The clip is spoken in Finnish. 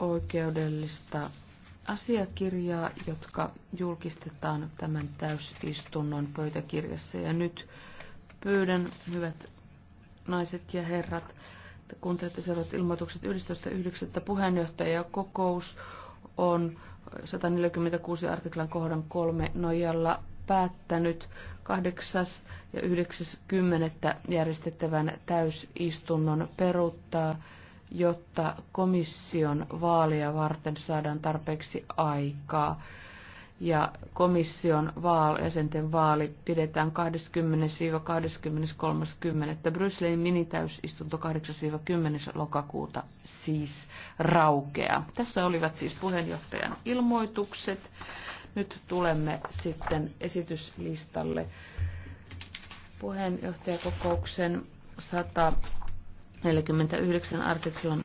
oikeudellista asiakirjaa, jotka julkistetaan tämän täysistunnon pöytäkirjassa. Ja nyt pyydän, hyvät naiset ja herrat, että kun teette seuraavat ilmoitukset 11.9. puheenjohtajakokous on 146 artiklan kohdan 3 nojalla päättänyt 8. ja 90. järjestettävän täysistunnon peruuttaa jotta komission vaaleja varten saadaan tarpeeksi aikaa. Ja komission vaal, jäsenten vaali pidetään 20-23.10. Brysselin minitäysistunto 8-10. lokakuuta siis raukea. Tässä olivat siis puheenjohtajan ilmoitukset. Nyt tulemme sitten esityslistalle puheenjohtajakokouksen 100. 49 artiklan